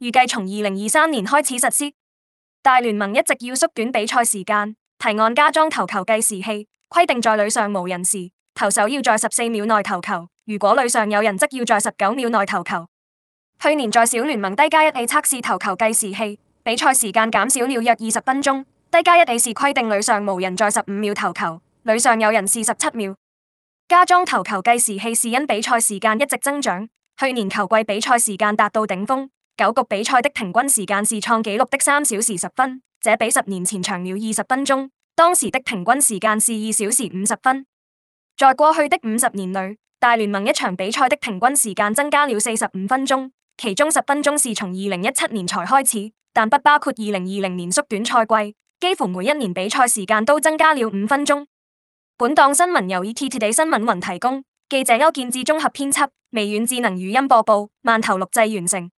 預計從二零二三年開始實施。大聯盟一直要縮短比賽時間，提案加裝投球計時器，規定在壘上無人時，投手要在十四秒內投球；如果壘上有人，則要在十九秒內投球。去年在小聯盟低加一地測試投球計時器，比賽時間減少了約二十分鐘。低加一地是規定壘上無人在十五秒投球，壘上有人是十七秒。加裝投球計時器是因比賽時間一直增長，去年球季比賽時間達到頂峰。九局比賽的平均時間是創紀錄的三小時十分，這比十年前長了二十分鐘。當時的平均時間是二小時五十分。在過去的五十年裏，大聯盟一場比賽的平均時間增加了四十五分鐘，其中十分鐘是從二零一七年才開始，但不包括二零二零年縮短賽季。幾乎每一年比賽時間都增加了五分鐘。本檔新聞由 ETtoday 新聞雲提供，記者歐建智綜合編輯，微軟智能語音播報，萬頭錄製完成。